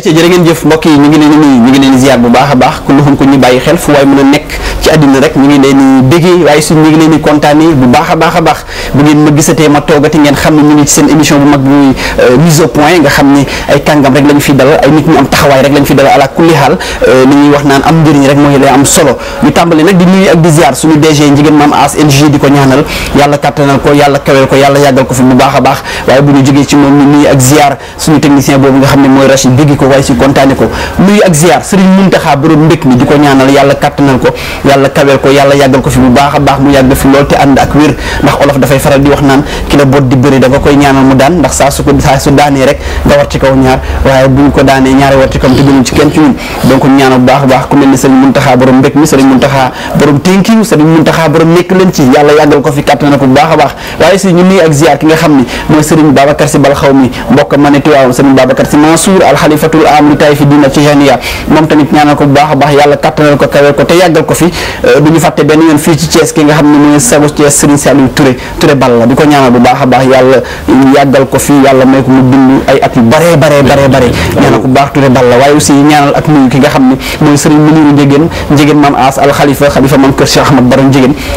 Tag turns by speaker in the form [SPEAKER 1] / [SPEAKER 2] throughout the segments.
[SPEAKER 1] ay ca jërë ngeen jëf mbokk yi ñu ngi leen di nuyu ngi leen di ziar bu baax a baax ku luxum ku ñu bàyyi xel fu waay mën a nekk ci àddina rek ñu ngi leen di béggee waaye suñ ñu ngi leen di kontaanee bu baax a baax a baax bu ngeen ma gisatee ma toogati ngeen xam ne ñu ngi ci seen émission bu mag bi euh, nit euh, am solo ñu ko ñaanal yàlla kattanal a baax technicien boobu nga xam ne mooy Rachid béggi ko waaye si kontaane ko nuyu ak ziar Sëriñ Muntaxa borom mbég mi di ko ñaanal yàlla kattanal ko yàlla kawel ko yàlla yàggal ko fi bu baax a baax mu yàgg fi lool te ànd ak wér ndax olof dafay faral di wax naan ki la bot di bëri da nga koy ñaanal mu daan ndax saa su ko saa su daanee rek nga war ci kaw ñaar waaye bu baax a ko fi a ñaanal ko bu baax a baax yàlla kàttanal ko kawel ko te yàggal ko fi Euh, du ñu fàtte benn yoon fii ci Thiès ki nga xam ne mooy sago Thiès Serigne Saliou Touré Touré Bal la di ko ñaanal bu baax a baax yàlla yàggal ko fii yàlla may ko mu bind ay ak nuyu ki nga xam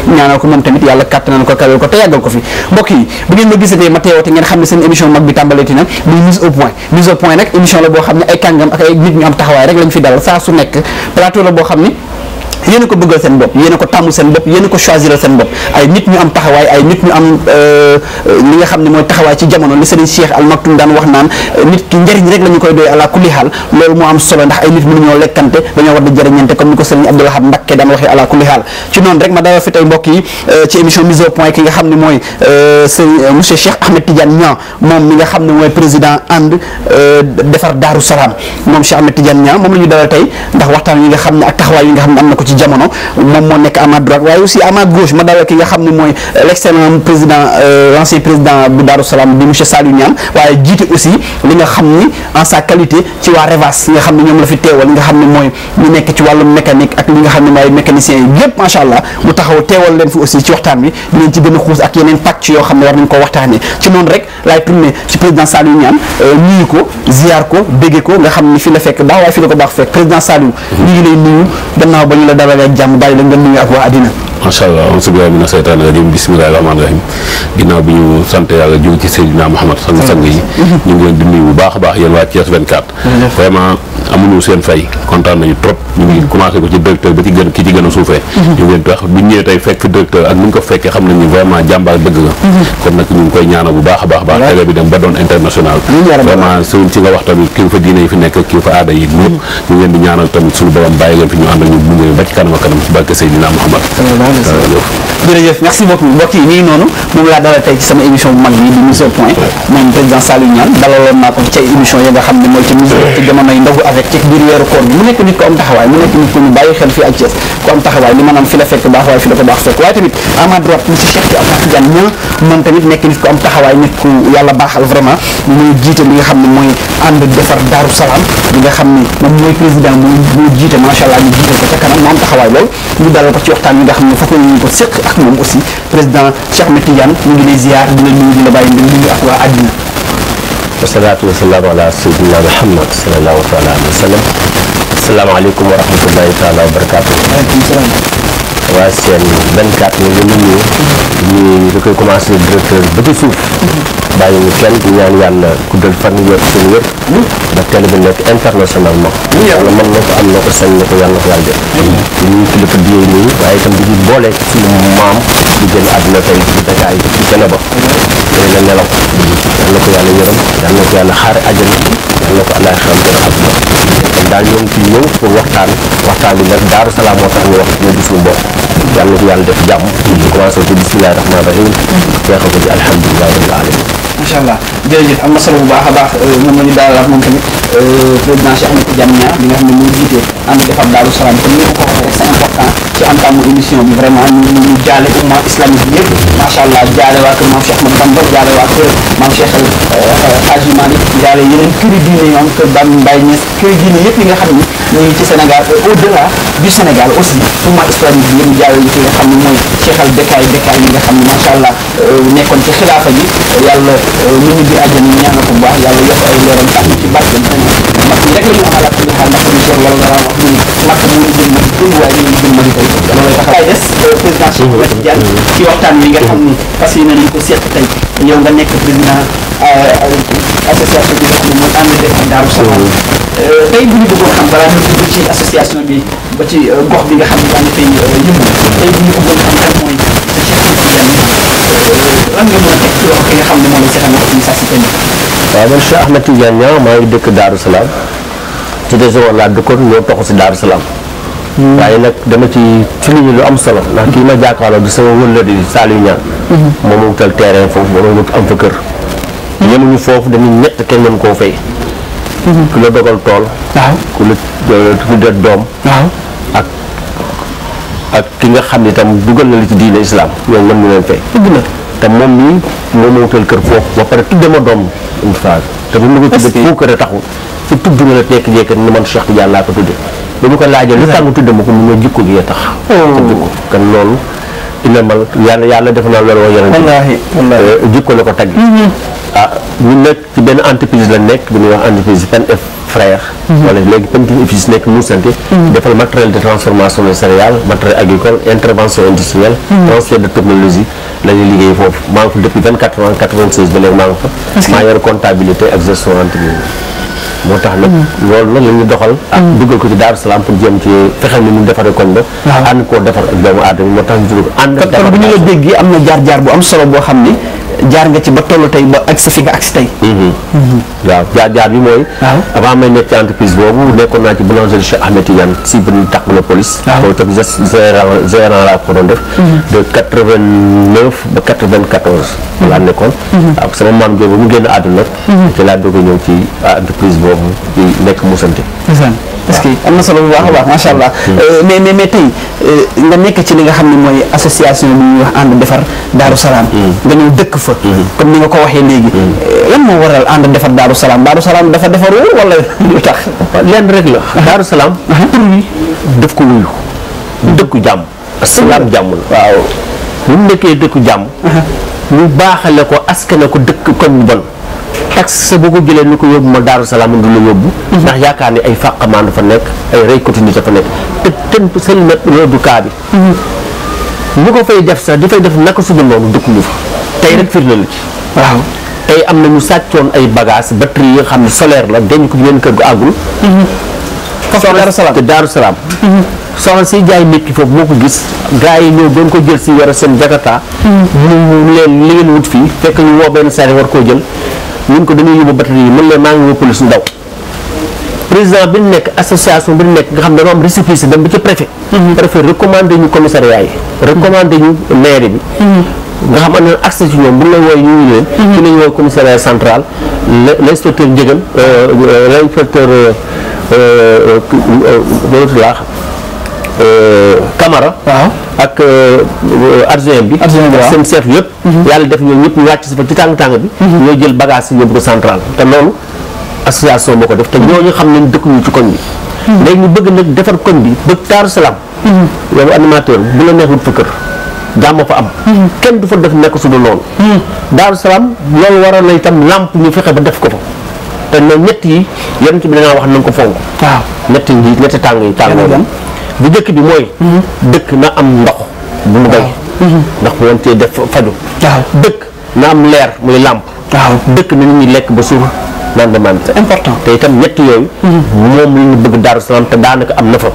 [SPEAKER 1] ñaanal ko moom tamit yàlla kàttanal ko kawel ko te yàggal ko fi mbokk yi bu ngeen ma gisatee ma teewati ngeen xam ne seen émission mag bi tàmbaleeti na muy mise au point mise au point nag émission la boo xam ne ay kàngam ak ay nit ñu am taxawaay rek lañ yéen ko bëggal seen bopp yéen ko tàmm seen bopp yéen a ko choisiral seen bopp ay nit ñu am taxawaay ay nit ñu am euh, li nga xam ne mooy taxawaay ci jamono li Serigne Cheikh Al Maktoum daan wax naan nit la ñu koy doy ala kulli haal loolu moo am solo ndax ay nit mënu ñoo euh, xam ne mooy euh, Serigne monsieur Cheikh Ahmed Tidiane Niang moom mi nga xam ne mooy président ànd defar Daaru Salaam moom Cheikh Ahmed Tidiane Niang moom la ñu dalal tey ndax waxtaan yi nga xam ne ak taxawaay yi nga xam ne am na ko ci ci jamono moom moo nekk à droite waaye aussi à gauche ma dawee ki nga xamni moy l'excellent président euh, l'ancien président bu Darou Salam di monsieur Saliou Niang waye jiite aussi li nga xamni en sa qualité ci wa Revas nga xamni ñom la fi téwal nga xamni moy ñu nekk ci wàllum mécanique ak li nga xamni moy mécanicien yépp machallah mu taxaw téwal len fi aussi ci waxtaan di len ci gën a ak yenen pàcc yo xamni war nañ ko waxtané ci noonu rek lay tourné ci président Saliou Niang euh, nuyu ko ziar ko bégge ko nga xamni fi la fekk baax way fi la ko bax fekk président Saliou ñu lay nuyu gannaaw bañu la dalal ak jàmm daal di leen gën nuyu ak waa àddina macha allah on subilahi mina seytaan rajim bisimilahi rahmaani rahim ginnaaw baax a baax ba ci a baax a bi dem ba doon international vraiment suñ ci nga wax fi mhm. ñu ngi leen ñu ànd ñu gunge kanam a kanam ci barke Seydina Mouhamad jërëjëf merci beaucoup mbokk yi nii noonu moom laa dalal tey ci sama émission bu mag bi di mise au point moom président Saliou Niane dalaloon naa ko ci ay émission yi nga xam ne mooy taxawaay mu la la ko baax fekk jiite li nga xam ne mooy ànd defar Daaru li nga xam ne mooy président mooy jiite macha allah ñu jiite ko ca kanam mu am taxawaay lool ñu dalal ko ci waxtaan yi nga xam ne fas nañu ko seq ak moom aussi président Cheikh Ahmed Tidiane ñu ngi lay ziar di la nuyu di la bàyyi ndem nuyu ak waa àddina. wasalaatu wasalaamu ala sayyidina Muhammad sallallahu taala alayhi wa sallam asalaamaaleykum wa rahmatullahi taala wa barakaatu. waaleykum salaam. waa seen 24 ini ngi nuyu ñi da koy commencé directeur ba fan wér seen wér ba télé bi nekk internationalement yàlla mën na ko am na ko sañ na ko yàlla ko yàlla def di ñuy kilifa di yooyu nuyu di ñu boole ci suñu maam di génn àdduna tey ci Dakar allah yàlla na ko yàlla def jàmm. ñu commencé ko bisimilah rahmaani rahiim. Mm-hmm. jeexal ko ci alhamdulilah rabbil alamin. macha allah. jërëjëf am na solo bu baax a baax euh, moom la ñu daalaat moom tamit euh, président Cheikh Ahmed Tidiane Niang mi nga xam ne moo jiite ànd defar Daaru Salaam comme ni ma ko waxee rek c'est important ci entamu émission bi vraiment ñu ñu jaale umma islamique bi yëpp macha allah jaale waa kër maam Cheikh Ahmadou Bamba jaale waa kër maam Cheikh euh, Hadji Malick jaale yeneen këri diine ñoom kër Bam Mbaye Niass këri diine yëpp yi nga xam ne ñu ngi ci Sénégal au delà du Sénégal aussi umma islamique bi yëpp jaale yi ki nga xam ne mooy Cheikh al Bekaay Bekaay yi nga xam ne macha allah nekkoon ci xilaafa ji yàlla ci àjjana ñu ñaanal ko bu baax yàlla yokk ay leeram tax ci barke bi mag ñi rek la ñu amal ak suñu xaal ndax émission wala nga wax mu ni mag mu jëm ma ci waaye ñu ngi jëm ma di tey dama lay taxaw des euh, président Cheikh Mati Diagne ci waxtaan wi nga xam ni fas yéene nañ ko seq tey yow nga nekk président euh, association bi nga xam ne mooy ànd def Daaru Salaam tey bu ñu bëggoon xam balaa ñu dugg ci association bi ba ci euh, gox bi nga xam ne yaa ngi fay yëngu tey bu ñu bëggoon xam kan mooy sa Cheikh Mati Diagne lan a teg ci wax ki nga xam ne moom la Cheikh Ahmed Tidiane waaw man Cheikh des secondes laa dëkkoon ñoo toxu si Darou Salaam. Hmm. waaye nag dama ci souligné lu am solo ndax kii ma jàkkaarloo di sama wëllëg di Saliou Niang. Hmm. moom mu tal terrain foofu ba mu am fa kër. Hmm. yemuñu foofu dañuy ñett kenn mën koo fay. ku la dogal tool. ku la ku doom. ak ki nga xam ne itam dugal na la ci diine islam ñoom lan ñu leen fay. dëgg na te moom mii moo ma wutal kër foofu ba pare tudde ma doom Moussa te bu ñu ko tuddee foo kër taxul fu tudd na la tekk jekk ni man Cheikh ko tudde ba mu ko laajee lu tax nga ma ko mu jikko gi tax sa oh. jikko kan loolu inamal yàlla yàlla def na loolu wax yeneen jikko la ko tagg mm-hmm. ah ñu nekk ci benn entreprise la nekk bu ñuy wax entreprise Pen et Frères. Mhm. wala léegi Pen et Fils nekk Moussanté. Mhm. defal matériel de transformation des matériel agricole intervention industrielle. Mhm. transfert de technologie la ñuy liggéey foofu maa ngi fa depuis 24 ans 96 ba léegi maa ngi fa. maa comptabilité ak gestion entreprise. moo tax nag loolu nag doxal. ak ah, ko ci Daaru pour jéem ci fexeel ni ñu defaree koñ ba. ànd koo defar ak doomu jaar nga ci ba toll tey ba ak sa fi nga ak si tey mhm. Mhm. waaw jaar jaar bi mooy a may nekk ci entreprise boobu nekkoon naa ci boulangerie Cheikh Ahmed Tidiane si benn tàq la police mhm. ba 94 nekkoon waaw sama maam joobu mu génn àdduna ci laa doog a ñëw ci entreprise boobu nekk musante parce que am na solo bu baax a baax macha allah. Mm. Euh, mais mais mais tey euh, nga nekk ci li nga xam ne mooy association bi ñuy wax ànd defar Daaru Salaam. nga mm. ñëw dëkk fa. Mm. comme ni nga ko waxee léegi. Euh, lan moo waral ànd defar Daaru Salaam Daaru Salaam dafa defarul wala lu tax. lenn rek la uh-huh. Daaru Salaam. Uh-huh. tur wi daf ko wuyu. dëkku jàmm. Uh-huh. salaam jàmm la. waaw bu nekkee dëkku jàmm. ñu baaxale ko askane ko dëkk kon bon. tax sa boo ko jëlee lu ko yóbbu ma daaru salaam du la yóbbu mhm. ndax yaakaar ni ay fàqamaan dafa nekk ay rey continue dafa nekk te tënk sël na loolu kaa bi ñu mhm. ko fay def sax di fay def naka suñu noonu dëkkuñu fa tey rek firnde la ci waaw tey am na ñu sàccoon ay bagages batterie yi nga xam ne solaire la denc ko benn kër gu àggul
[SPEAKER 2] te
[SPEAKER 1] mhm. daaru salaam soxna si jaay nit ki foofu moo ko gis gars yi ñëw doon ko jël si yore seen jakarta mu leen li ngeen wut fii fekk ñu woo benn sare war koo jël ñu ko dañuy yóbbu batterie yi mën ñu nekk association bi nekk nga xam ne dañoo am récépissé dem ba ci préfet. Mhm. préfet recommandé ñu commissariat yi. Mhm. recommandé ñu maire bi. Mhm. nga xam am ñoom bu la wooy ñu ngi leen. ci la ñu wooy commissariat central l' inspecteur Ndiéguène l' inspecteur loolu Euh, Camara. waaw ah. ak euh, adjoint bi. adjoint bi seen seet yëpp. Mhm. yàlla def ñoom ñëpp ñu wàcc si fa ci tàng tàng bi. Mhm. ñoo jël bagage yi yóbbu ko central te loolu association ko def te mhm. ñooñu xam ne dëkkuñu ci koñ bi. léegi ñu bëgg nag defar koñ bi bëgg taaru salaam. yow animateur bu la neexul fa kër. jàmm fa kenn du fa def nekk su dul loolu. daaru salaam loolu waral na itam làmp ñu fexe ba def ko fa. te ñoom ñett yi yonent bi danaa wax na nga ko fonk. waaw ñett yi ñetti tàng yi tàngoo bu jëkk bi mooy. Mhm. dëkk na am ndox. bu mu bay mhm. ndax mu wante def faju dëkk na am leer muy làmp. dëkk na nit ñi lekk ba suur naan demande te itam ñett yooyu. Mhm. moom la ñu bëgg Daaru Salaam te daanaka am na fa.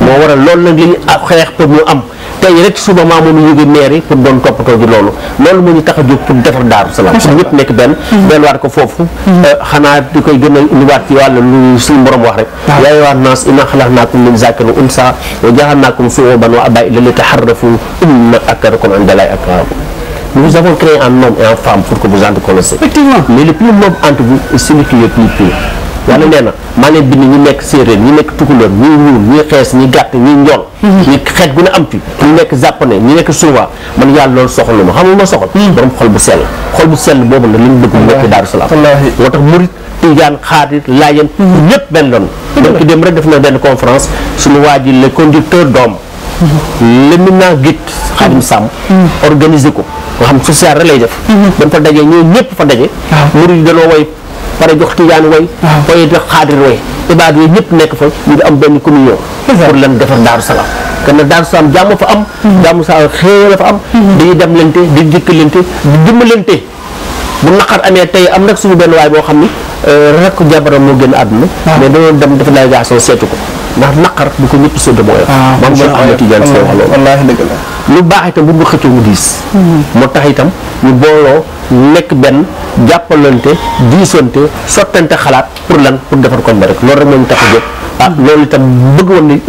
[SPEAKER 1] moo waral loolu nag li ñu xeex pour ñu am. tey rek suba maa moom yóge mairie pour doon toppatoo ji loolu loolu mo ñu tax pour defar Daaru Salaam pour ñëpp nekk benn mm-hmm. war ko fofu mm-hmm. euh, xana di koy gën a wat ci walu lu suñu borom wax rek ya yaa wat nas innaa xalaqnaakum min zakarin wa unsaa wa ja'alnaakum shu'uuban wa qabaaa'ila litaarrafuu inna akramakum inda llaahi atqaakum nous avons créé un homme et une femme pour que vous en connaissiez mais le plus noble entre vous est celui qui est le plus pur yàlla nee na maa leen bind ñi nekk séeréer ñi nekk tukulóor ñi ñuul ñi xees ñi gàtt ñi njool mhm. ñi xeet gu ne am fi ñi nekk japonais ñi nekk suwa man yàlla loolu soxal na ma xam nga ma soxal mhm. borom xol bu sell xol bu sell boobu la liñ bëgg mu nekk dem rek def na benn conférence suñu waa ji le conducteur d'homme mhm. l'éminent guide Khadim Sam organisé ko nga xam social rek lay def dañ fa daje ñoo ñëpp fa daje ah. murit yi way pare jox tijaan way waaye ah. jox xaadir way ibaad yooyu ñëpp nekk fa ñu ngi am benn communion pour lan defar daaru salaam kon nag daaru salaam jàmm fa am hmm. jàmm sa xéewal fa am dañuy dem lente di jëkkalante di dimbalante bu naqar amee tey am nag suñu benn waay boo xam ni euh, rakk jabaram moo gën a àdduna ah. mais dañoo dem def délégation seetu ko ndax naqar bu ko ñëpp soo mooy ah, maam Cheikh Ahmed Tidiane Sy wax loolu wallaahi dëgg lu baax itam bu ñu xëccoo mu diis hmm. moo tax itam ñu booloo nekk benn jàppalante diisante sottante xalaat pour lan pour defar kon ba rek loolu rek moo ñu tax a jóg ah hmm. loolu itam bëgg woon ne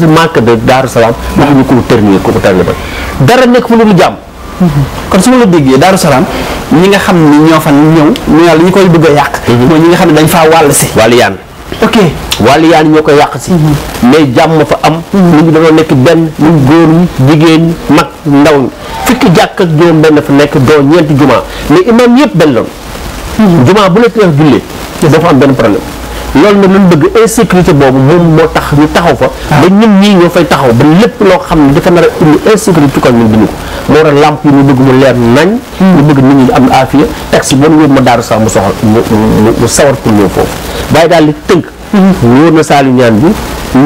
[SPEAKER 1] de marque de Daaru Salaam hmm. wax ñu ko terminer ko ko terminer ba dara nekk fu lu jàmm kon su ma la déggee Daaru Salaam ñi nga xam ne ñoo fan ñëw ñu yàlla ñu koy bëgg yàq mooy ñi nga xam ne dañ faa wàll si wàll yaan wàllu yaan ñoo koy yàq si mhm. mais jàmm fa am mhm. nit ñi dañoo nekk benn ñu góor ñi jigéen nag ndaw ñi fukki jàkk ak juróom benn fa nekk doo ñeenti jumaa mais imam yëpp benn loon mhm. jumaa bu la teex jullee dafa am benn problème loolu nag lañ bëgg insécurité boobu moom moo tax ñu taxaw fa ah. ba ñun ñii ñoo fay taxaw ba lépp loo xam ne dafa nar a indi insécurité ci a làmp yi ñu bëgg mu leer nañ ñu bëgg nit ñi am aafiya taxi boo nu yóbbu ma daaru sax mu soxal mu sawar pour ñëw foofu waaye daal li tënk wóor na Saliou Niane bi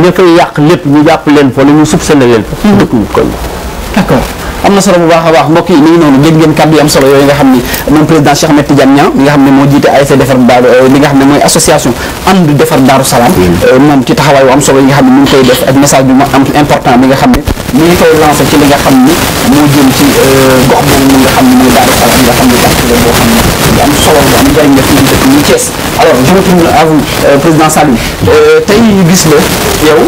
[SPEAKER 1] ña fay yàq lépp ñu jàpp leen fa la ñu soupçonné leen fa. Hmm. ko ñu kon. d'accord. am na solo bu baax a baax mbokk yi ni ngi noonu dégg ngeen kàddu yi am solo yooyu nga xam ni moom président Cheikh Ahmed Tidiane Niang moo jiite ASC defar daaru euh, li nga xam ne mooy association euh, am solo yi nga xam ne mi ngi koy def ak message bi mu am important bi nga xam ne mi ngi koy lancé ci li nga xam ni jëm ci euh, gox boobu mu nga xam ne mooy daaru salaam nga xam ne bàctile boo xam ne am solo bu am njëriñ la fi ñu dëkk muy Thiès alors je me tourne à vous président Saliou tey gis la yow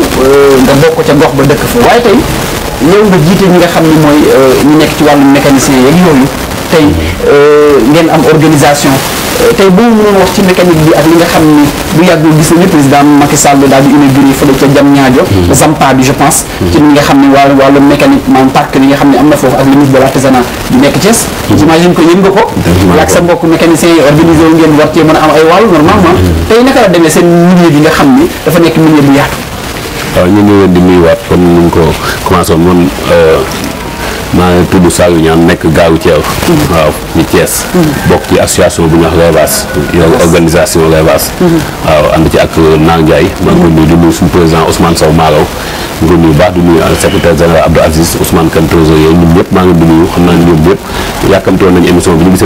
[SPEAKER 1] nga bokk ca gox ba dëkk fa waaye tey yow nga jiite ñi nga xam ne mooy euh, ñu nekk ci wàllu mécanicien yeeg yooyu tey euh, ngeen am organisation euh, tey boo mënoon wax ci mécanique bi ak li nga xam ni bu yàggul gis nañu président Macky Sall daal di inauguré fële ca Diamniadio hmm. Zampa bi je pense ci li nga xam ne wàllu wàllu mécanique maanaam parc li nga xam ne am na foofu ak le ministre de l'artisanat di nekk Thiès hmm. j'imagine que yéen nga ko ak sa mbokk mécanicien yi organisé wu ngeen war cee mën a am ay wàllu normalement hmm. tey naka la demee seen milieu nga xam ni dafa nekk milieu bu waaw ñu ngi leen di nuyuwaat comme ni ñu ko commencé woon euh, maa ngi tudd Saliou Niane nekk gaaru Thiel. waaw ci Thiès. bokk ci association bu ñu wax Revaas yor organisation Revaas. waaw ànd ci ak Naar Ndiaye. maa ngi koy nuyu di nuyu président Ousmane Sow Malaw. di ko baax di nuyu euh, secrétaire général Abdou Aziz Ousmane Kane trésorier yooyu ñun bi ñu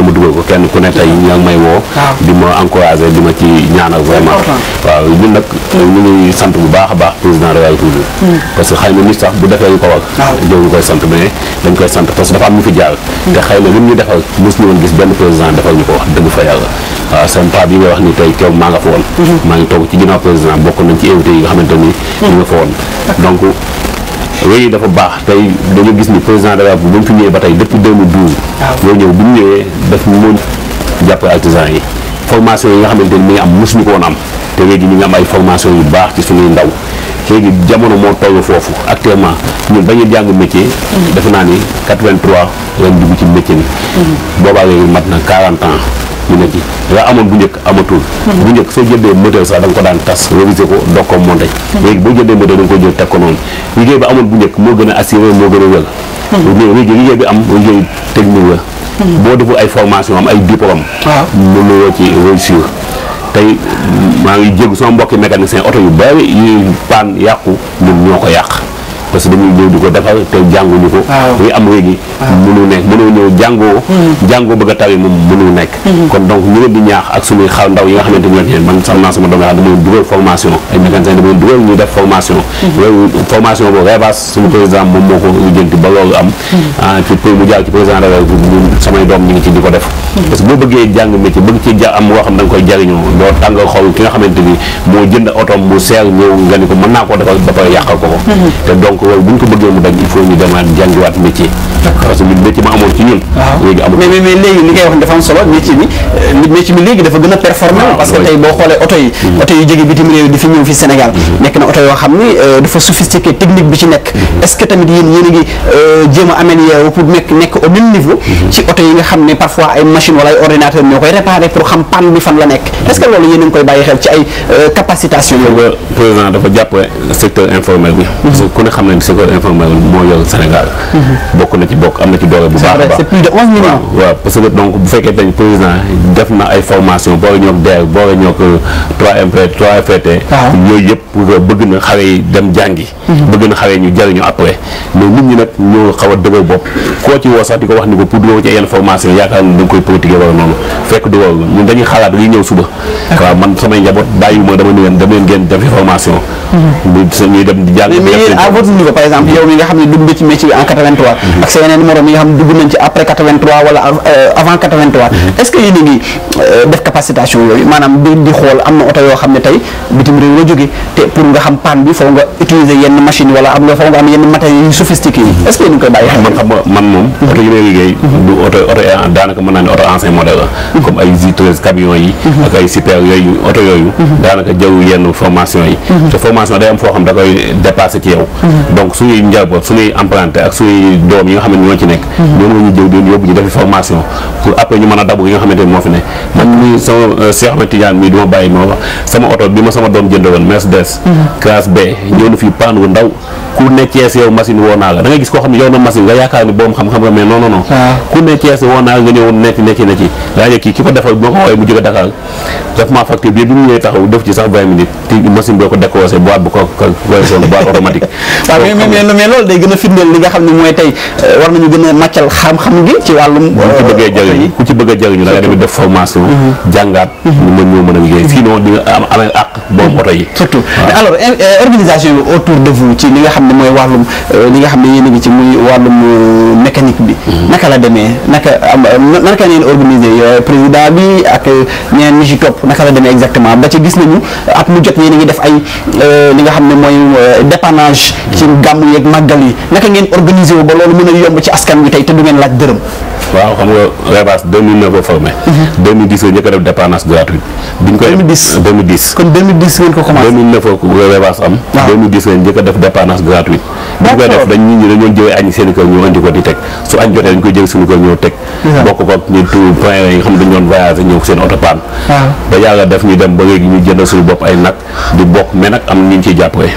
[SPEAKER 1] ma dugal ko kenn ku ne tey yaa ngi may woo. di ma encouragé di ma ci ñaanal vraiment. waaw ñun nag ñu mm. ngi sant bu baax a baax président de la République. parce que xëy na nit sax bu defee koy sant parce que dafa am ñu fi jaar mm. te xëy na lim ñu defal mos ñu woon gis benn président defal ñu ko wax dëgg fa yàlla waaw seen pa bi ni tey kew maa nga fa woon mm-hmm. maa ngi toog ci ginnaaw président bokk nañ ci invité yi nga xamante ni ñu nga fa woon mm-hmm. donc yooyu dafa baax tey dañu gis ni président de la ba mu fi ñëwee ba tey depuis 2012 yooyu ah. ñëw bu ñu ñëwee daf moo jàppale artisan yi formation yi nga xamante ni mi ngi am mosuñu ko woon am te léegi ñu ngi am ay formation yu baax ci suñuy ndaw léegi jamono moo toll foofu actuellement ñun ba ñuy jàng métier. Mm-hmm. defe naa ni 83 ren dugg ci métier ni
[SPEAKER 2] mm-hmm.
[SPEAKER 1] boobaa léegi mat na 40 ans ñu ne ci la amoon bu njëkk amatul. Mm-hmm. bu njëkk soo jëndee moteur sax da nga ko daan tas réviser ko doog ko monté. léegi boo jëndee moteur da nga ko jël teg ko noonu liggéey bi amoon bu njëkk moo gën a assuré moo gën a wér. léegi liggéey bi am liggéey technique la. boo deful ay formation am ay diplôme. waaw ah. mënuloo ci réussir. tey maa ngi jégu sama mbokki mécanicien oto yu bari yuy paan yàqu ñun ñoo ko yàq parce que dañuy ñëw di ko defar te jànguñu ko muy am léegi mënu nekk mënoo ñëw jàngoo hmm. jàngoo bëgg a taw yi moom mënu nekk hmm. kon donc ñu leen di ñaax ak suñuy xaw ndaw yi nga xamante ni leen man sam naa sama doom yaa dama leen dugal formation hmm. ko jënti ba loolu am ci ah, pour mu jaar ko def parce que boo bëggee jàng métier bëgg ci ja am loo xam da koy jariñoo doo tàngal ki nga xamante ni moo jënd otom mu seer ñëw nga ni ko mën naa koo defal ba pare ko ko ko wala bu ñu ko bëggee mu daj il faut ñu demaat jàngiwaat métier parce que métier ma amoon ci
[SPEAKER 2] ñun. Ah. léegi amul
[SPEAKER 1] mais mais léegi li ngay wax dafa am solo métier bi euh, métier bi léegi dafa gën a performant ah, parce que tey boo xoolee oto yi mm-hmm. jóge bitim réew di fi ñëw fi Sénégal mm-hmm. nekk na oto yoo xam ni euh, dafa sophistiqué technique bi ci nekk mm-hmm. est que tamit a euh, a améliorer pour yi nga xam ne parfois ay machine wala ay ordinateur ñoo koy réparer pour xam panne bi fan la nekk est que loolu yéen ngi koy bàyyi xel ci ay capacitation dafa jàpp secteur informel bi am na ci doole bu baax a baax c'est
[SPEAKER 2] plus de onze millions
[SPEAKER 1] waaw parce que donc bu fekkee dañ président def na ay formation boole ñoog DER boole ñoog 3MP euh, 3FPT ah. yooyu yëpp bëgg na xale yi dem jàngi mm-hmm. bëgg na xale yi ñu jariñu après mais a dëgër dañuy xalaat li ñëw suba waaw man samay njaboot bàyyi dama ni leen dama leen ngeen def formation mm-hmm. ñuy dem di jàng mais à votre niveau par exemple yow mi nga xam ne dugg ci métier bi en 83 mm-hmm. ak sa morom yi xam dugg nañ ci après 83 wala euh, avant 83 mhm. est-ce que yéen euh, def capacitation yooyu maanaam di di xool am yo oto yoo bitim réew la jóge te pour nga xam panne bi foo nga utiliser yenn machine wala am nga foo nga am yenn matériel yu sophistiqué est-ce que yéen koy bàyyi man xam man moom oto yi may liggéey mhm. du oto oto ya, daanaka mën naa ancien modèle mhm. comme ay j camion yi ak ay super yooyu oto yooyu daanaka jaww yenn formation yi te formation day am xam da koy ci yow donc ak yi nga ci nekk ñoom mhm. la ñu jël doon yóbbu ñu defi formation pour après a mhm. euh, ma bàyyi bi ma sama doom jënd woon mhm. da ngay gis koo xam ma ah. ko bi bi mu ñëwee taxaw def ci sax 20 minutes machine boo ko décoosé boîte automatique mais mais loolu day gën a firndeel li nga xam ne mooy tey euh, war nañu ñu gën a màccal xam-xam gi ci wàllum ku ci bëggee jëriñu ku ci bëgg a da a di nga am amee àq boobu oto yi surtout alors euh, li nga xam ne mooy euh, a ngi ci euh, mm-hmm. naka demee naka am naka mu jot yéen a ngi def ay li nga xam ne mooy dépannage ci mm-hmm. gàmmu yeeg màggal yi naka ngeen organisé ba loolu mën a yomb ci askan wi tey te du ngeen laaj dërëm. waaw xam nga mhm. def dépendance gratuite. bi koy def dépendance koy def dañ nit ñi dañoo jëlee añ seen kër ñu andi ko di teg su añ jotee dañ koy jël suñu kër ñëw teg. bokk ko ñu tout point yi xam dañu doon voyagé ñëw seen oto ah. ba yàlla def ñu dem ba léegi ñu jënd suñu bopp ay nag di bokk mais nag am na ñu ciy jàppale.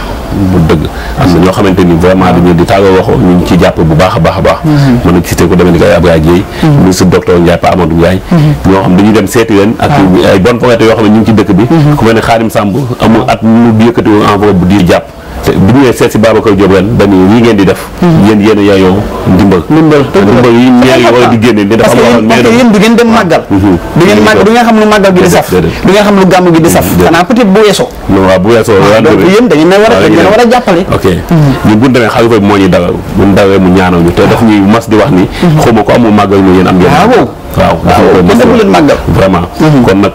[SPEAKER 1] bu dëgg am na ñoo xamante ni vraiment dañu di tàggatoo waxoo ñu ngi ciy jàpp bu baax a baax a baax. Mm-hmm. mën a cité ko demee ni ko ay Abdoulaye Dièye ministre mm-hmm. docteur Ndiaye Pa Amadou mm-hmm. ñoo xam dañuy dem seeti leen ak ah. ay bonne yoo xam ne ci dëkk bi ku mel ne Xaadim Samb amul at mu yëkkati woon enveloppe bu di jàpp bu ñëwee seet si Babacar Diop ren dañuy lii ngeen di def. Hmm. yéen yéen a yaayoo ndimbal. ndimbal ndimbal yi maire yi war di génne di dafa am parce que yéen du ngeen dem hmm. màggal. Hmm. du ngeen xam lu màggal gi di saf. du ngeen xam lu gàmm gi di saf. xanaa peut-être ah, a ah, a moo ñuy dawee mu ñaanal ñu te daf ñuy mas di wax ni. xaw ko amul màggal ñu yéen am yéen. waaw ah waaw dafa ko mas vraiment kon nag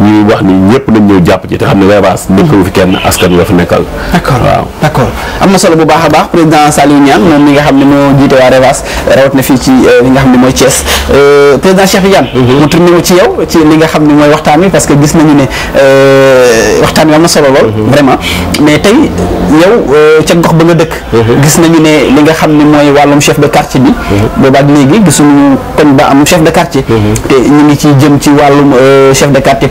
[SPEAKER 1] ñuy wax ni ñëpp dañ ñëw jàpp ci te xam ne weebaas nekkul fi kenn askan la fa nekkal d'accord waaw
[SPEAKER 2] d'accord am
[SPEAKER 1] na solo bu baax a baax président Saliou Niane moom mi nga xam ne moo jiite waa Revas rawat na fii ci euh, li nga xam ne mooy Thiès euh, président Cheikh Yane mhm. mu tourné wu ci yow ci li nga xam ne mooy waxtaan wi parce que gis nañu ne euh, waxtaan wi solo lool mhm. vraiment mais tey yow ca gox ba nga dëkk mhm. gis nañu ne li nga xam ne mooy chef de quartier bi boobaag léegi gisuñu koñ ba am chef de quartier te ñu ngi ci jëm ci wàllum chef de quartier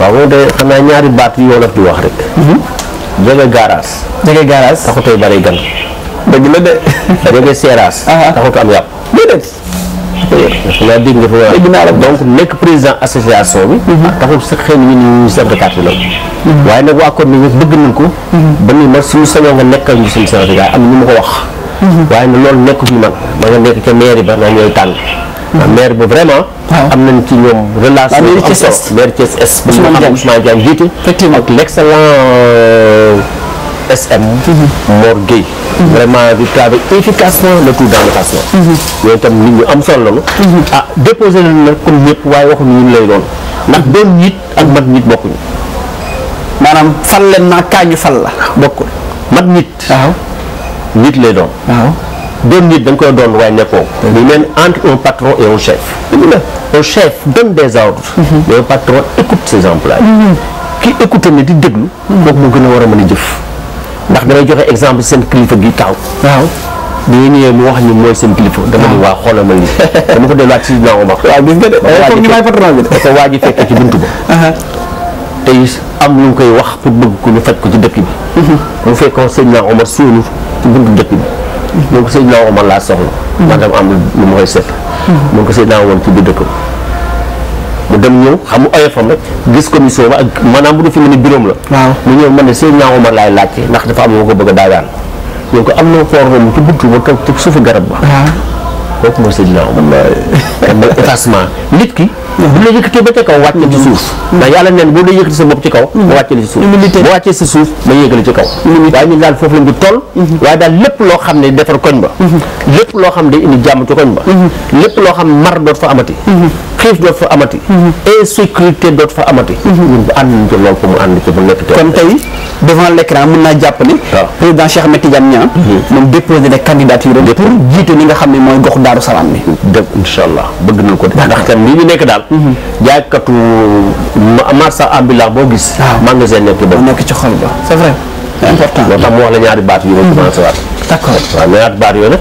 [SPEAKER 1] waaw moom de xanaa ñaari baat yi wolof di wax rek. Mhm. jege gaaraas. jege gaaraas taxut la de. jege seeraas. taxut am yàpp déedéet. xanaa dégg nekk président association bi. Mhm. taxul sax xëy na ñu ñu chef de quartier la. Mhm. waaye nag waa commune bëgg nañ ko. ba ni man suñu sañoon nga nekkal ñu suñu Sénégal am na ñu ko wax. waaye nag loolu nekkul ñu man ma nga nekk ca mairie ba naan ñooy tànn. Euh, mhm. maire bi vraiment. am nañ ci ñoom relation. maire Thiès maire Thiès S. bu ñu xam Ousmane Diagne jiite. effectivement ak l' excellent euh, mhm. mhm. vraiment di efficacement le tout dans le yooyu itam nit ñu am solo la. ah déposé nañ la comme ñëpp waaye waxuñu ñun lay doon ndax doon nit ak mat nit bokkuñu. maanaam fal leen naa kaa ñu fal la bokkul. mat nit. waaw nit lay doon. doon nit da nga koy doon waaye nekkoo li meen entre un patron et un chef un chef donne des mhm. patron écoute ses employés mhm. ki écoute ne di déglu mhm. kooku moo gën a war a mën a jëf ndax damay joxe exemple seen kilifa gi taw waaw bi ñu ñëwee mu wax ñu mooy seen waa xoolal ma lii dama ko delluwaat si Sidna Omar waaw gis fekkee ci buntu ba uh-huh. te am lu ñu koy wax pour bëgg ko ñu faj ko ci dëkk
[SPEAKER 2] bi
[SPEAKER 1] mu fekkoon Sidna Omar suulu ci dëkk bi mun ko sëñ naa wax man laa soxla mm-hmm. man dama am lu ma koy seet mun mm-hmm. ko sëñ naa woon ci biir dëkk mu dem ñëw xam mu oyofam rek gis commission ba ak maanaam bu fi mu ne bureau la mu ñëw man ne sëñ naa wax man laay laajte ndax dafa am lu ma ko bëgg a daawaan ñu ko am na xoor mu ci buntu ba toog ci suufu garab ba kooku mooy Seydina Omar. te mooy effacement nit ki. bu la yëkkatee ba ca kaw wàcce ci mm-hmm. suuf. ndax yàlla neen boo dee yëkkati sa bopp ci kaw. ma mm-hmm. wàcce la ci suuf ma wàccee sa suuf ma yëgale ci kaw. waaye ñun daal foofu lañ toll. Mm-hmm. waaye daal lépp loo xam ne defar koñ ba. lépp loo xam ne day indi jàmm ci koñ ba. lépp loo xam mar doot fa amati. xiif doot fa amati. Mhm. insécurité doot fa amati. Mhm. ñun bu ànd nañ ci loolu pour mu ànd ci bu nekk tey. kon tey devant l' écran mën naa jàpp ne. Ah. président Cheikh Ahmed Tidiane mhm. moom déposé na candidature am. pour jiite li nga xam ne mooy gox Daaru Salaam bi. def incha allah bëgg nañ ko def. ndax tam li ñu nekk daal. jaaykatu marsa ambulant boo gis. waaw ah. magasin nekk ba. nekk ci xol ba c' est vrai. c'est important loolu tax mu wax la ñaari baat yi. ñu commencé waat. d' accord waaw ñaari baat yooyu nag.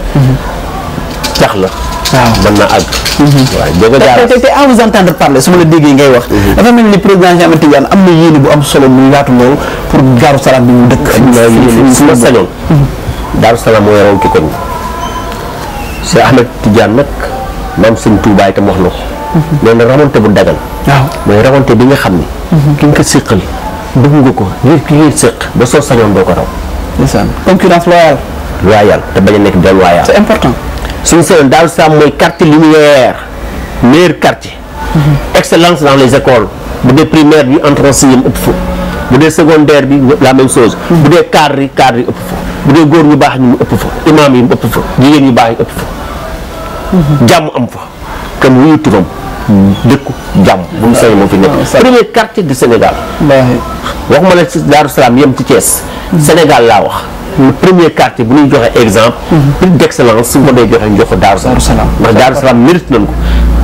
[SPEAKER 1] cax la. waaw mën na àgg. waaw Ndiogou Diarra tey tey à vous entendre parler su ma la déggee ngay wax. Mhm. dafa mel ni président Ndiame Tidiane am na yéene bu am solo mu yaatu lool pour Darou Salaam bi mu dëkk. yéen su ma sañoon. Mhm. Darou Salaam moo yoroon ci koñ. Cheikh Ahmed Tidiane nag maam sëñ Touba mhm. concurrence loyale. loyale c'est important. suñu seen Daaru Salaam mooy quartier lumière meilleur quartier. Mhm. excellence dans les écoles bu dee primaire bi entrant sixième ëpp fa bu dee secondaire bi la même chose. Mhm. bu dee cadre yi ëpp fa bu dee góor ñu baax ñu ëpp fa imaam yi mu ëpp fa jigéen ñu baax ñu ëpp fa. Mhm. jàmm am fa kan wuyu turam dëkku jàmm. bu ñu seen moo fi nekk premier quartier du Sénégal. waxuma la ci Daaru Salaam yem ci Thiès. Sénégal laa wax. le premier quartier bu ñuy joxe exemple. Mhm. prix d' excellence su ñu ko dee joxe ñu jox ko Daaru Salaam. ndax Daaru Salaam mérite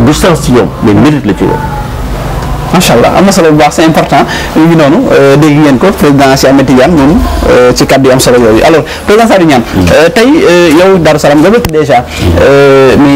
[SPEAKER 1] du sens ci ñoom mais mérite la ci ñoom. macha allah am na solo bu baax c'est important ñu ngi noonu euh, dégg ngeen ko président si Ahmed Tidiane ñun euh, ci kàddu yi am solo yooyu alors président Saliou Niane mm. euh, tey yow Darou Salam nga bëgg déjà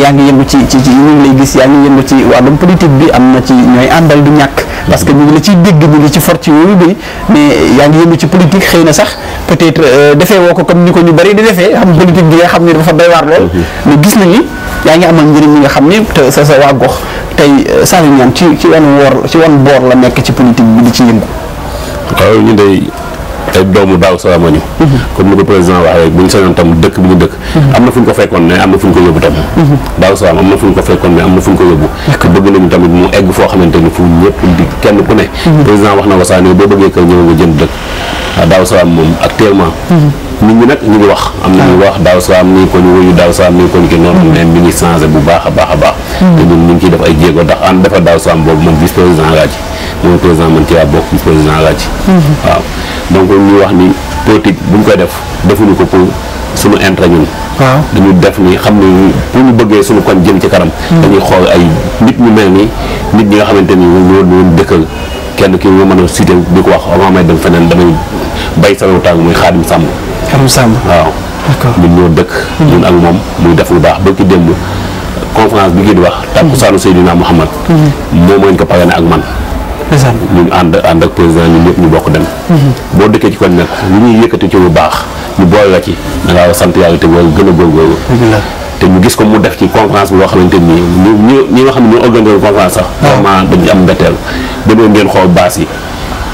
[SPEAKER 1] yaa ngi yëngu ci ci ci lay gis yaa ngi yëngu ci wàllum politique bi am na ci ñooy àndal du ñàkk parce que ñu ngi la ciy dégg ñu ngi ci fort ci yooyu bëri mais yaa ngi yëngu ci politique xëy na sax peut-être euh, defee woo ko comme ni ko ñu bëri di defee xam politique bi nga xam ne dafa doy waar lool mhm. mais gis nañu yaa ngi amal njëriñ ñi nga xam ne te sa sa waa gox tey euh, Saliou Niane ci ci wan woor ci wan boor la nekk ci politique bi di ci yëngu ñu day te doomu daaw salaam lañu mhm. comme ni ko président waxee rek bu ñu sañoon tam dëkk bi ñu dëkk mhm. am na fu ñu ko fekkoon mais am na fu ñu ko yóbbu tam mhm. daaw salaam am na fu ñu ko fekkoon mais am na fu ñu ko yóbbu te bëgg nañu tamit mu egg foo xamante ni fu ñëpp di kenn ku ne président wax na ko saa ne boo bëggee kër ñëw jënd dëkk waaw daaw salaam moom actuellement nit ñi nag ñu ngi wax am na ñu ah. wax daaw saa am nañu ko ñu wëyu daaw ko ñu ki noonu mm. mais mi bu baax a baax a baax mm. te ñun ñu ngi ciy def ay jéego ndax ànd dafa daaw man vice président ci moom président man ci mm-hmm. waaw donc ñu wax ni politique bu ñu koy def defuñu ko pour suñu intérêt ñun waaw ah. dañu def ni xam ne pour ñu bëggee suñu kon jëm ci kanam mm. dañuy xool ay nit ñu mel ni nit ñi nga xamante ni ñoo doon dëkkal kenn ki nga mën a cité di ko wax avant may dem feneen damay bay sarawu tàng muy xaadim sàmm xaadim sàmm waaw ñun ñoo dëkk ñun ak moom muy def lu baax ba ki démb conférence bi ngeen wax tàkkusaanu Seydina Mouhamad mhm. moom lañ ko pagane ak man ñu ànd ànd ak président ñun ñëpp ñu bokk dem mhm. boo dëkkee ci kon nag lu ñuy yëkkati ci lu baax ñu boole la ci da a sant yàlla te war a gën a góorgóorlu te ñu gis ko mu def ci conférence bi loo xamante nii ñu ñi nga xam ne ñoo organisé conférence sax ah. vraiment dañu am mbetteel ba ngeen xool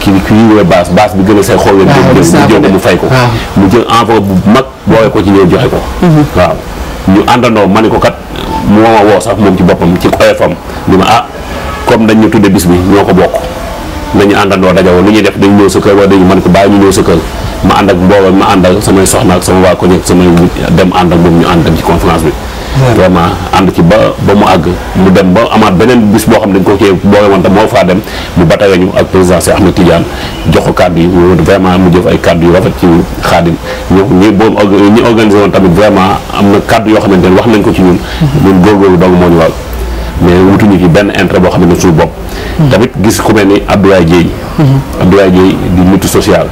[SPEAKER 1] kii kii yënguwee baas baas bi gën a say xol. waaw gis mu fay ko. mu jël enveloppe bu mag boole ko ci ñëw joxe ko. Mhm. waaw ñu àndandoo ma ne ko kat mu ma woo sax moom ci boppam ci oyofam ni ma ah comme dañ ñu tudde bis bi ñoo ko bokk nañu àndandoo dajawoo lu ñuy def dañu ñëw sa kër wala dañu mën ko bàyyi ñu ñëw sa kër ma ànd ak mbooloo ma ànd ak samay soxna ak sama waa ko nekk samay dem ànd ak moom ñu ànd dem ci conférence bi. vraiment ànd ci ba ba mu àgg mu dem ba amaat beneen bis boo xam ne dañ ko cee boole woon tam moo faa dem mu bataye ñu ak président si na Tidiane jox ko kàddu yi vraiment mu jëf ay kàddu yu rafet ci xaadim ñu ñi boobu ñi organisé woon tamit vraiment am na kàddu yoo xamante ne wax nañ ko ci ñun mm-hmm. ñun góorgóorlu dong moo wal mais wutuñu ci benn intérêt boo xam ne suñu bopp tamit gis ku ni Abdoulaye Dieye Abdoulaye Dieye di nitu social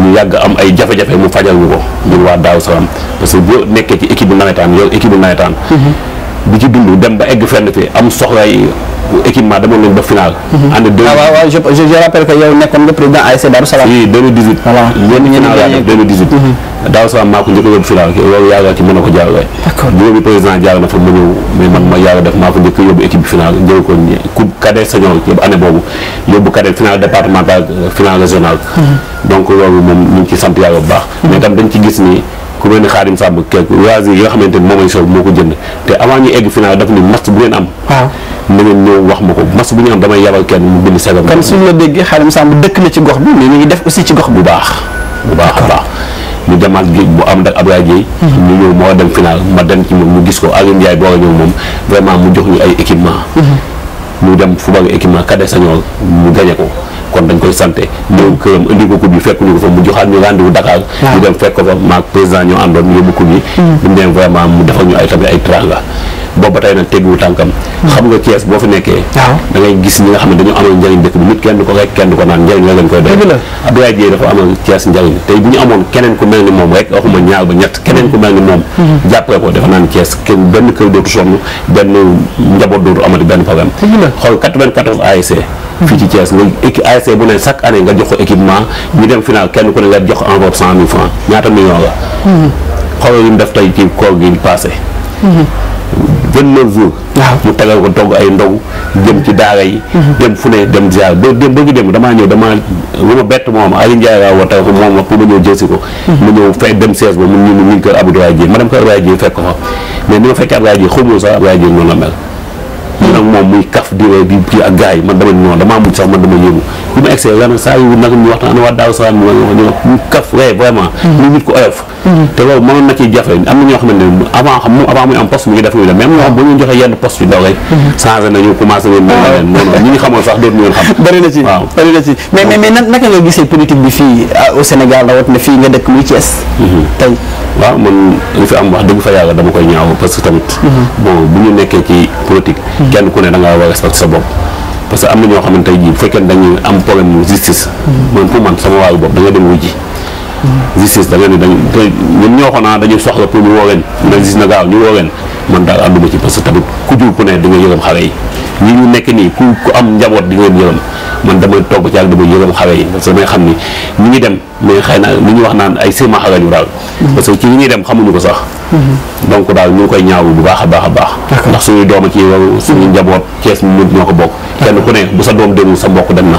[SPEAKER 1] mu yàgg am ay jafe-jafe mu fajal ñu ko ñun waa Daaru Salaam parce que boo nekkee ci équipe bu nawetaan yow équipe bu nawetaan di ci dund dem ba egg fenn fi am soxla équipement demoon nañ ba final. Mhm. ànd deux ah waaw maa ko njëkk a yóbbu final loolu yàlla ci mën na ko jaarale. d' accord bu président jaar na fa ma ñëw mais man ma yàlla def maa ko njëkk a yóbbu équipe bi final ko coupe cadet sañoon yóbbu année boobu yóbbu cadet final départemental euh, final régional. Mhm. donc loolu moom ñu ci sant yàlla bu baax. Mhm. mais dañ ci gis ni. ku mel ni Xaadim Samb keek loisir yi nga xamante ni moom lañ sol moo ko jënd te avant ñu egg final daf ni match bu ngeen am. ma ko match bu ñu am damay yabal kenn mu bind segam. kon suñu la déggee Xaadim Samb dëkk na ci gox bi mais ñu ngi def aussi ci gox bi. bu baax bu baax a baax. ñu demaat am nag Abdoulaye Dieye mhm. ñu ñëw moo dem final ma dem ci moom ñu gis ko Alioune Ndiaye boo ñëw moom vraiment mu jox ñu ay équipement. Mhm. mu dem fu football équipement cadet sañool mu gañe ko kon dañ koy sante ñëw këram indi ko coupe bi fekk ñu ko fa mu joxaat ñu rendez-vous Dakar ñu dem fekk ko fa maak président ñoo àndoon yóbbu coupe bi mm. bu ñu dem vraiment mu defal ñu ay tamit ay tranga boobu ba tey nag tegguwu tànkam xam nga Thiès boo fi nekkee da gis ñi nga xam ne dañu amal njëriñ dëkk bi nit kenn du ko rekk kenn du ko naan njëriñ la leen koy doy Abdoulaye Dieye dafa amal Thiès njëriñ tey bu ñu amoon keneen ku mel ni moom rek waxuma ñaar ba ñett keneen mm-hmm. kenn nga équipe ASC bu ne chaque année nga jox ko équipement ñu dem final kenn ku ne nga jox ko enveloppe 100 francs ñaata million la mm-hmm. xoolal yi mu def tey ci gi passé mm-hmm. 29 jours. waaw ñu tegal ko togg ay ndog jëm ci daara yi. Mhm. dem fu ne dem de ba de de dem damaa ñëw damaa lu ma bett moom Aliou Ndiaye waaw wa tax moom wax pour ma ñëw jëlsi ko. Mhm. ma ñëw fay dem sees ba mu ñu ñu ngi kër Abdoulaye Dieng ma dem kër Abdoulaye Dieng fekk ko mais ni ma fekkee Abdoulaye Dieng xamul sax Abdoulaye Dieng noonu la mel. moom muy kaf di ree di kii ak gars yi man dama noonu damaa mujj sax man dama yéemu bi ma egsee la nag saa yu nag ñu mhm. mhm. am na ñoo xamante ne avant xam mu avant muy am poste mu ngi def ñu dem même ñoo xam bu yenn poste yu ndaw rek mhm. changé nañu commencé woon mel ah. noonu ñi ñu xamoon sax dootu ñu woon xam bëri na mais mais naka nga gisee politique bi fii ah, au Sénégal rawatina fii nga dëkk muy Thiès tey waaw man li fi am wax dëgg fa yàlla dama koy ñaaw parce que tamit mhm. bon bu ñu nekkee ci politique mhm. kenn ku ne da ngaa war a respecter sa bopp parce que am na ñoo xam tey jii bu fekkee dañuy am problème justice mhm. man pour man sama waayu bopp da nga dem wujji justice da nga ne dañ te ñun ñoo xonaa dañuy soxla pour ñu woo leen na gis a gaaw ñu woo man daal ànduma ci parce que tamit ku jur ku ne di yërëm xale yi ñi ñu nekk nii ku ku am njaboot di nga yërëm man damay togg ci yàlla damay yëgal xale yi parce que damay xam ni ñu ngi dem mais xëy na li ñu wax naan ay semence la ñu daal. Mhm. parce que ci li ñuy dem xamuñu ko sax. Mhm. donc daal ñu ngi koy ñaaw bu baax a baax a baax. ndax suñuy doom a ci yow suñuy njaboot kees ñun ñoo ko bokk. kenn ko ne bu sa doom demul sa mbokk dem na.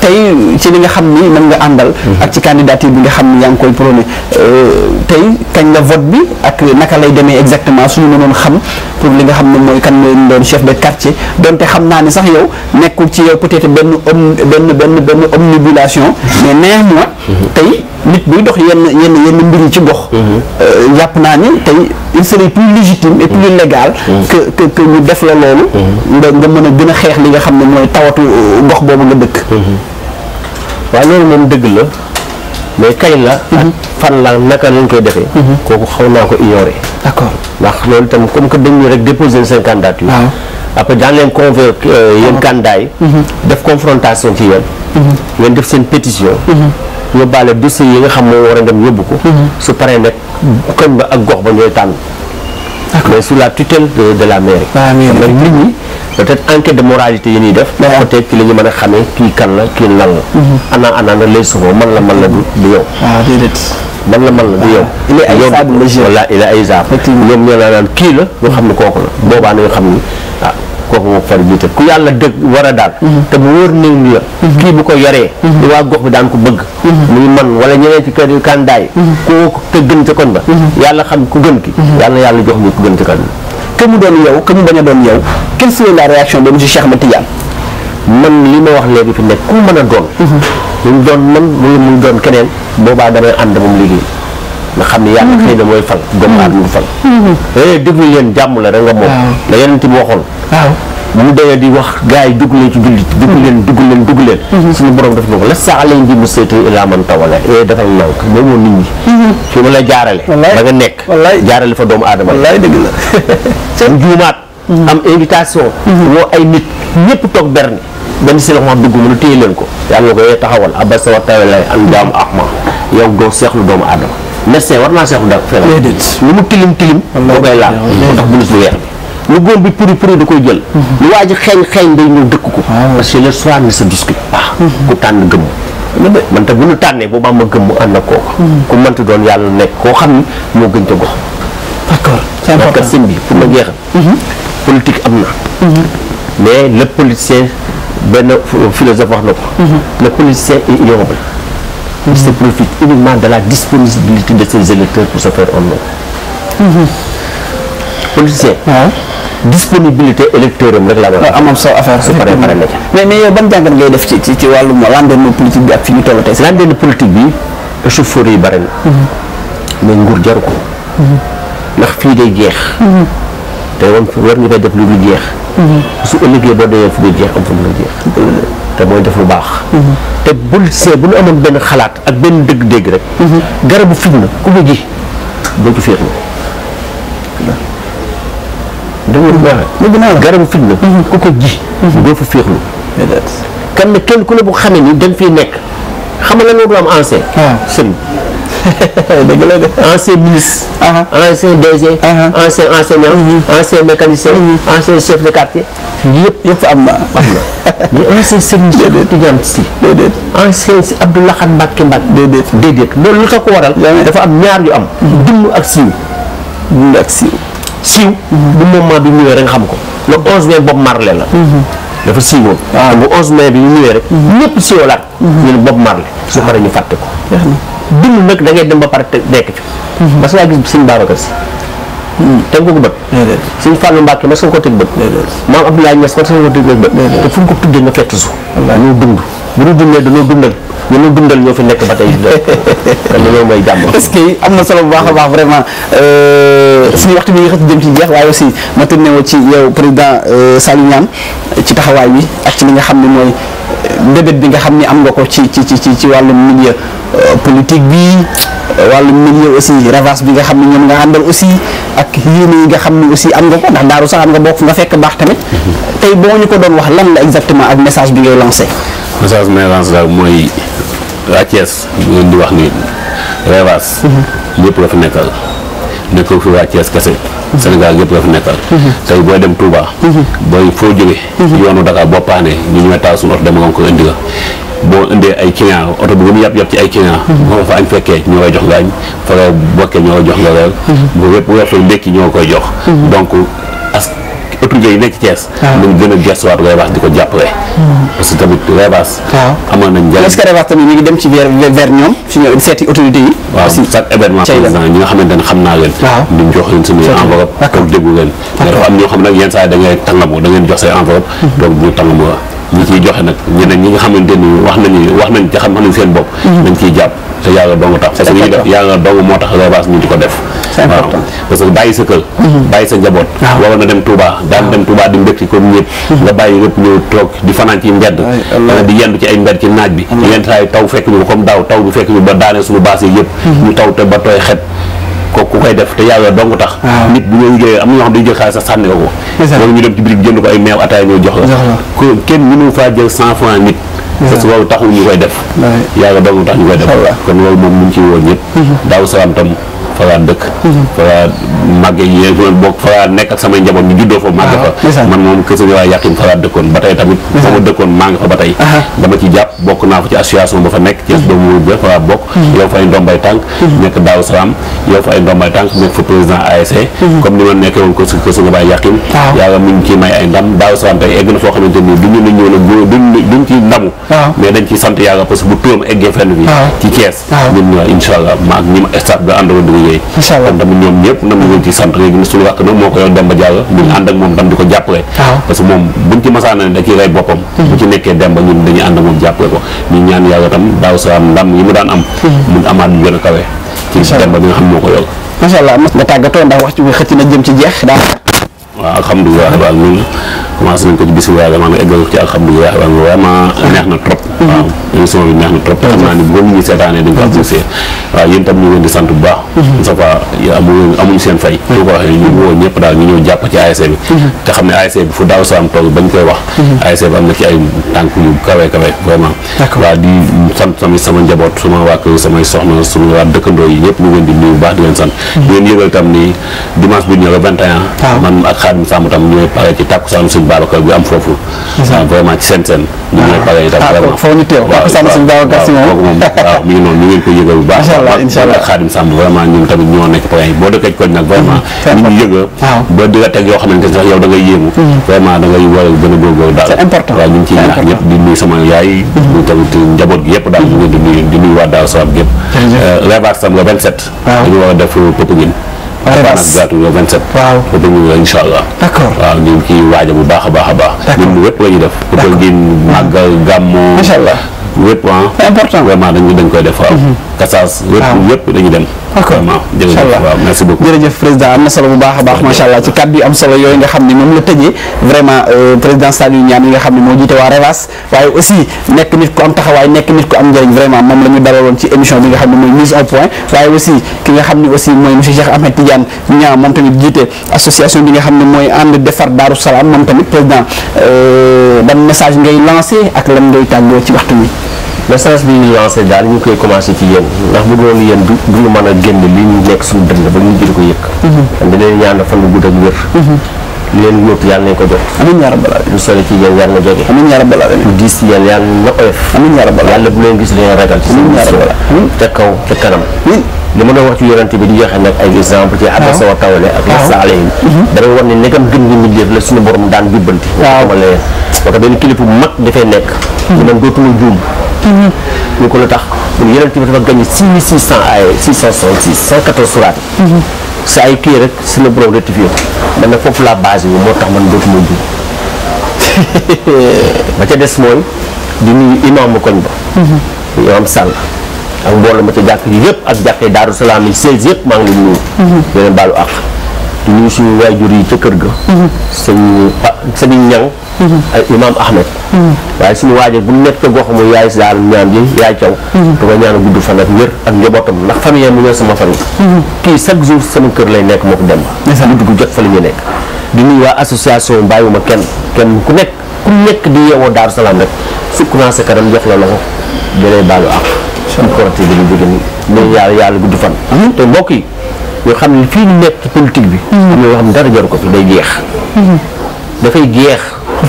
[SPEAKER 1] tey ci li nga xam ni mën nga àndal. Mhm. ak ci candidature bi nga xam ni yaa ngi koy prôné euh, tey kañ la vote bi ak naka lay demee exactement suñu mënoon xam pour li nga xam ne mooy kan mooy doon chef de quartier donte xam naa ne sax yow nekkul ci yow peut-être benn om benn benn benn omnibulation mais néanmoins mhm. tey. nit buy dox yenn yenn yenn mbir yi ci gox. Mhm. Euh, jàpp naa ni tey il serait plus légitime et plus mhm. légal. Mhm. que que ñu def la loolu. nga nga mën a gën a xeex li nga xam ne mooy tawatu euh, gox boobu nga dëkk. waaw loolu moom dëgg la mais kay la. ak fan la naka lañ koy defee. kooku xaw naa ko ignoré. d'accord ndax loolu tam comme que dañu rek déposer seen candidature. waaw après daan leen convoqué yéen def confrontation ci yéen. ngeen def seen pétition. yóbbaale dossier yi nga xam moo war a dem yóbbu ko mhm. su paree nag koñ ba ak gox ba ñooy tànn mais su la tutelle de la mairie nag ah, nit ñi peut-être enquête de moralité yi ñuy def ah. peut-être ki la ñu mën a xamee kii kan la kii lan la mhm. anaa anaa nag lay souvent man la man la du du ah, man la man la du yow. il ay saabu la ay saabu ñoom ñoo la naan kii la ñoo xam ne kooku la boobaa nañu xam ni kooku moom far jiite ku yàlla dëgg war a daal mhm. te mu wóor néew mi la mhm. kii bu ko yoree mhm. li waa gox bi daan ko bëgg muy man wala ñeneen ci kër candidat yi koo te gën ca kon ba yàlla xam ku gën ki yàlla yàlla jox ñu ku gën ca kon que mu doon yow que mu bañ a doon yow quelle serait la réaction de monsieur Cheikh Ahmed Tidiane man li ma wax léegi fi nekk ku mën a doon mu doon man muy doon keneen boobaa damay ànd moom liggéey nga xam ne yàlla xëy na mooy fal doomu mm-hmm. aadama fal dangay mm-hmm. eh, déglu leen jàmm la rek nga moom la yeneen ti waxoon waaw mu demee di wax gars yi dugg leen ci jullit mm-hmm. dugg leen dugg leen dugg leen suñu borom def na ko la saalan di mu saytu ilaa man tawala yooyu eh, dafal nank mooy moom nit ñi fi ma la jaarale ba nga nekk jaarale fa doomu aadama wallaay dëgg la seen juumaat am invitation woo ay nit ñëpp toog berni benn si la xam dugg mu lu téye leen ko yàlla na ko yee eh, taxawal abasa wa tawala an jaam ahma yow doo seexlu doomu aadama médecin war naa seexlu daal feebar lu mu tilim tilim boo koy laal moo tax bu lu weex bi lu góor bi puri puri da koy jël mhm. lu waa xeeñ xeeñ day dëkk ko ah parce que le soir ne se discute pas mhm. ku tànn gëmm man te bu ñu tànnee boobaa ma gëmm ànd ak kooku mhm. ku mënta doon yàlla nekk koo xam ni moo gën ca gox d'accord c'est important sëñ ma jeexal politique am na mais le politicien benn philosophe wax na ko le politicien est ignoble il se profite uniquement de la disponibilité de ses électeurs pour se faire en
[SPEAKER 2] nom.
[SPEAKER 1] politicien disponibilité électeur am rek la war a. Mais il y a un bon temps de faire mais que c'est jàngat ngay def ci a ci wàllum landeenu politique bi ak fi ñu toll tey. landeenu politique bi mais nguur ne ko. pas fii day jeex. te de war ñu koy def lu dul jeex. su ëllëgee de guerre. fu dul te mooy def lu baax te bul see bu ñu benn xalaat ak benn dëgg-dégg rek garabu fitna ku ko ji doo ci féetlu dama garabu fitna ku ko ji doo kan ne kenn ku ne bu xamee ni dañ nekk xam nga lan moo du dëgg la de ancien ministre. Uh-huh. ancien DG. Uh-huh. ancien enseignant. Uh-huh. ancien mécanicien. ancien chef de quartier. yëpp yëpp am na am na. mais ancien sëriñ Tidiane si. déedéet ancien si Abdou Lahad Mbacké Mbacké. déedéet déedéet loolu lu tax ko waral. dafa am ñaar yu am. dund ak siiw. dund ak siiw. siiw. bu moment bi ñëwee rek xam ko. le 11 mai Bob Marley la. dafa siiwoon. waaw bu 11 mai bi ñu ñëwee rek. ñëpp siiwalaat. ñu ne Bob Marley. su paree ñu fàtte ko. dund nag da ngay dem ba pare te nekk fi. Mhm. mas ngaa gis Sëñ Babacar Si. Mhm. teg ko ko bët. Sëñ Fallou Mbacke mas nga ko teg bët. maam Abdoulaye Niass mas nga ko teg bët. te fu ñu ko tuddee nga fekk su. ñoo dund dundee dañoo dundal. ñu dundal ñoo fi nekk ba tey kon loolu mooy jàmm est que am na solo baax a baax vraiment euh, suñu waxtu bi nga xam jëm ci jeex waaye si ma tourné woo ci yow président euh, Saliou ñaan ci taxawaay bi ak ci li nga xam ne mooy mbébét bi nga xam ni am nga ko ci ci ci ci wàllum milieu euh, politique bi euh, wàllu milieu aussi revanche bi nga xam ne ñoom nga àndal aussi ak yéene yi nga xam ne aussi am nga ko ndax daaru sax am nga bokk nga fekk baax tamit tey boo ñu ko doon wax lan la exactement ak message bi ngay lancé. message bi may lancé daal mooy waa Thiès di wax ni revanche. ñëpp mhm. la fi nekkal. nekkoo fi waa Thiès kese mhm. Sénégal yëpp la fi nekkal mhm. tey booy dem Touba mhm. booy foo jóge yoonu Dakar boo paanee ñu ñooy taal suñu oto nga ko indi boo indee ay client oto bi gën a yàpp yàpp ci ay client moo fa añ fekkee ñoo koy jox nga añ fa bokkee ñoo koy jox nga reer bu wépp weertu ndékki ñoo koy jox donc liggéey yi nekk Thiès. waaw ah. gën a gestuwaat Rebaas di ko jàppale. Hmm. parce que tamit Rebaas. waaw nañ njëriñ est-ce que Rebaas tamit ñu ngi dem ci vers ñoom fi ñu seeti autorité yi. nga xamante ne xam wax nañu wax nañ ca xam nañ seen bopp. Hmm. nañ ciy jàpp te yàlla dong dong moo tax Rebaas ñu di ko def c'est important parce que bàyyi sa kër mhm. bàyyi sa njaboot waroon na dem Touba daan dem Touba di mbégti comme ñëpp mhm. nga bàyyi yëpp ñëw toog di fanaan ci mbedd di yendu ci ay mbedd ci naaj bi mhm. ñu taw te ba tooy xet kooku ku koy def te yàlla dong tax nit bu ñoo jëlee am ñoo xam dañu jël xaalis sax sànni ko ko ko ay meew ataay faa jël cent franc nit parce que loolu taxul ñu koy def yàlla dong tax ñu koy def kon loolu moom mu ngi ciy woon ñëpp daaw salaam fa laa dëkk mhm. fa laa màgge yi bokk fa nekk ak samay njaboot ñu juddoo fa màgg fa man moom kër sëñ Ablaye Yakhine fa dëkkoon ba tey tamit fa ma dëkkoon maa ngi fa ba tey dama ci jàpp bokk naa fa ci association ba fa nekk ci doomu mhm. bi fa laa bokk mhm. yow fa ay ndombay tànk nekk daaw salaam yow fa ay ni ma nekkee woon kër sëñ Ablaye Yakhine la ñëw liggéey kon tamit ñoom ñëpp nam ñu ci sant léegi suñu rakk nag moo ko yor Demba Diallo hmm. buñ ànd ak moom tam di ko jàppale parce que moom buñ ci masaana da ciy hmm. hmm. a kawe allah nga tàggatoo ndax wax ci bi xëcc na jëm ci jeex daa waaw alhamdulilah waaw neex na trop waaw émission bi neex na trop xam naa ni bu ko nit ñi seetaanee dañ ko apprécier waaw yéen tam ñu leen di sant bu baax mhm. sa fa amu amuñu seen fay ñu ko waxee ñu woo ñëpp daal ñu ñëw jàpp ci ASC e bi mhm. te xam ne ASC e bi fu daaw saam toog mhm. e sama njaboot sama waa kër samay soxna sama waa dëkkandoo yi ñëpp ñu leen di bu baax di leen sant di leen tam ni dimanche bi ñëw le 21 man ak Xaadim Samb tam ñooy pare ci tàkkusaanu suñu Babacar bi am foofu vraiment ci seen seen ah, ñu ñooy ñu waaw sàmm ngi noonu ñu ngeen ko yëgal bu baax incha allah xaadim sàmm ñun tamit ñoo nekk point boo dëkkee koñ nag vraiment mm-hmm. ñu ñu yëga ba teg yoo xamante ne sax yow da yéemu mm-hmm. vraiment da war a gën a góorgóorlu daal c'est important waaw ñu ngi ñaax ñëpp di nuyu sama yaay ñu mm-hmm. tamit njaboot gi yëpp daal ñu ngi di nuyu di nuyu waa gépp revar sam la 27 dañu war a def Popenguine Arabas gàttu le 27. waaw te dañu incha allah. d'accord waaw ñu ngi ciy waajal bu baax a baax a baax. d'accord ñun wet la ñuy def. d'accord bu ko génn gàmmu. macha yëpp ah. c'est important vraiment dañu dañ koy def waaw. Mhm. kasaas yëpp yëpp dañuy dem. d'accord jërëjëf waaw président am na solo bu a baax macha allah ci kàddu yu am yooyu nga xam ne moom la tëjee vraiment euh, président Saliou Niane yi nga xam ne moo jiite waa REVAS waaye aussi nekk nit ku am taxawaay nekk la ñu dalaloon ci émission bi nga xam ne mooy mise au point waaye aussi ki nga xam ne aussi mooy monsieur Cheikh Ahmed tamit jiite association bi nga xam ne mooy ànd defar Daaru Salaam moom tamit président euh, ban message ngay lancé ak lan ngay tàggoo ci waxtu bi message bi ñu lancé daal ñu koy commencé ci yéen ndax bu doon yéen du duñu mën a génn li ñu nekk suñu dënd ba ñu jël ko yëg am mhm. di leen ñaan fan bu gudd ak wér mhm. li leen yóob yàlla nañ ko jot amiin yaa rabbal aalamiin lu na jóge amiin yaa rabbal aalamiin na oyof bu leen gis kanam li ma doon wax ci yorante bi di joxe nag ay exemple ci adda sawa tawale ak la sa alayhim mhm. dama wax ne negam gën gi mbindéef la suñu borom daan jubbanti waxuma leen parce que benn kilifa bu mag dafay nekk ñu man dootuma juum ñu ko lu tax mu yeneen tamit dafa gagné 6600 ay 666 114 suraat sa ay kii rek si la borom rectifié man nag foofu laa basé wu moo tax man dootuma ji ba ca des mooy di nuyu imaamu koñ ba imaam Sall ak mbooloo ma ca jàkk yëpp ak jàkkee Daaru yi 16 mhm. yëpp maa ngi leen nuyu yeneen baalu ah. àq di nuyu suñu waajur yi ca kër ga. Mhm. sëñ sëñ Ndiang. Mhm. ak imaam Ahmed. Mhm. waaye suñu waajur bu nekk ca gox mu yaay Saalum ñaan ji yaay Thiaw. da ko ñaan gudd fan ak wér ak njabootam ndax famille mu ñëw sama kii chaque jour sama kër lay nekk moo ko dem. ndeysaan guddi gu jot fa la ñu nekk. di nuyu waa association bàyyiwuma kenn kenn ku nekk ku nekk di yeewoo Daaru Salaam rek sukk naa sa kanam jox la loxo jëlee baalu àq. incha allah suñu korité bi ñu jóge nii. yàlla yàlla gudd fan. te mbokk yi. yoo xam ne fii ñu nekk ci politique bi. Mhm. am na yoo xam dara jaru ko fi day jeex. Mhm. dafay jeex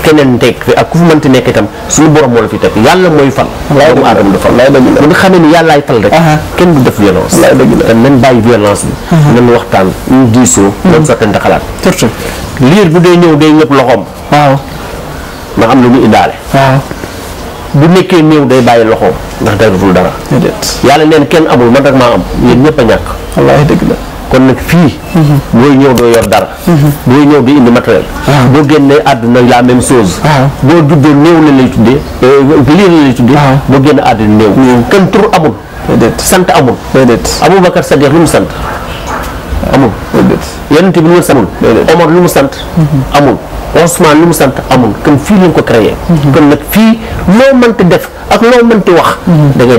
[SPEAKER 1] keneen teg fi ak ku fi mënti nekk tam suñu borom moo la fi teg yàlla mooy fal. doomu aadama du fal bu ñu kenn du def violence. te nan bàyyi violence bi. nan waxtaan ñu diisoo. nan mhm. sottante xalaat. surtout liir bu dee ñëw day ñëpp loxoom. waaw nga xam lu ñu indaale. nekkee néew day bàyyi loxoom ndax deful dara. yàlla neen kenn amul man am yéen ñëpp a ñàkk. kon nag fii. booy ñëw doo yor dara. booy ñëw di indi matériel. Ah. boo génnee àdduna la même chose.
[SPEAKER 2] Ah. boo juddoo néew
[SPEAKER 1] la lay tuddee. Euh, lii la lay tuddee. Ah. boo génn àdduna néew. kenn tur amul. sant amul. Aboubacar Sadiq lu mu sant. amul. yonent bi lu mu sant. Omar lu mu sant. Mhm. amul. Ousmane lu mu sant amul kon fii lañ ko créé. Mhm. kon nag fii loo mënti def ak loo mënti wax. Mhm. da ngay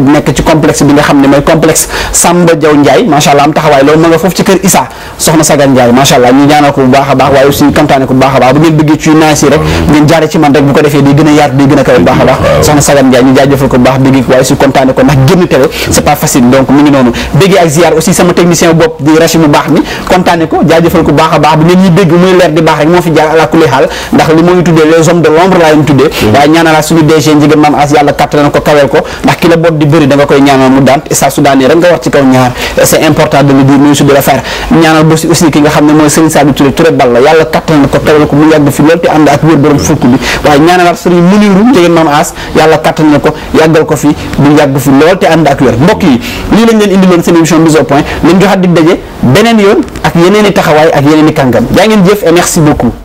[SPEAKER 1] nekk ci complexe bi nga xam ne mooy complexe Samba Diaw Ndiaye macha allah am taxawaay loolu ma nga foofu ci kër Issa soxna Sagan Ndiaye macha allah ñu ñaanal suñu DG njigéen maam as yàlla kàttan na ko kaweel ko ndax ki la boot di bëri da koy ñaanal mu daan saa su daanee rek nga wax ci kaw ñaar c'est important de le dire muy su de la faire ñaanal bosi aussi ki nga xam ne mooy Serigne Sadou Touré Touré Balla yàlla kattan ko teewal ko mu yàgg fi lool te ànd ak wér mbokk yi lii lañ leen indi loon seen émission lañ joxaat di daje beneen yoon ak yeneen taxawaay ak yeneen kàngam jaa ngeen jëf et merci beaucoup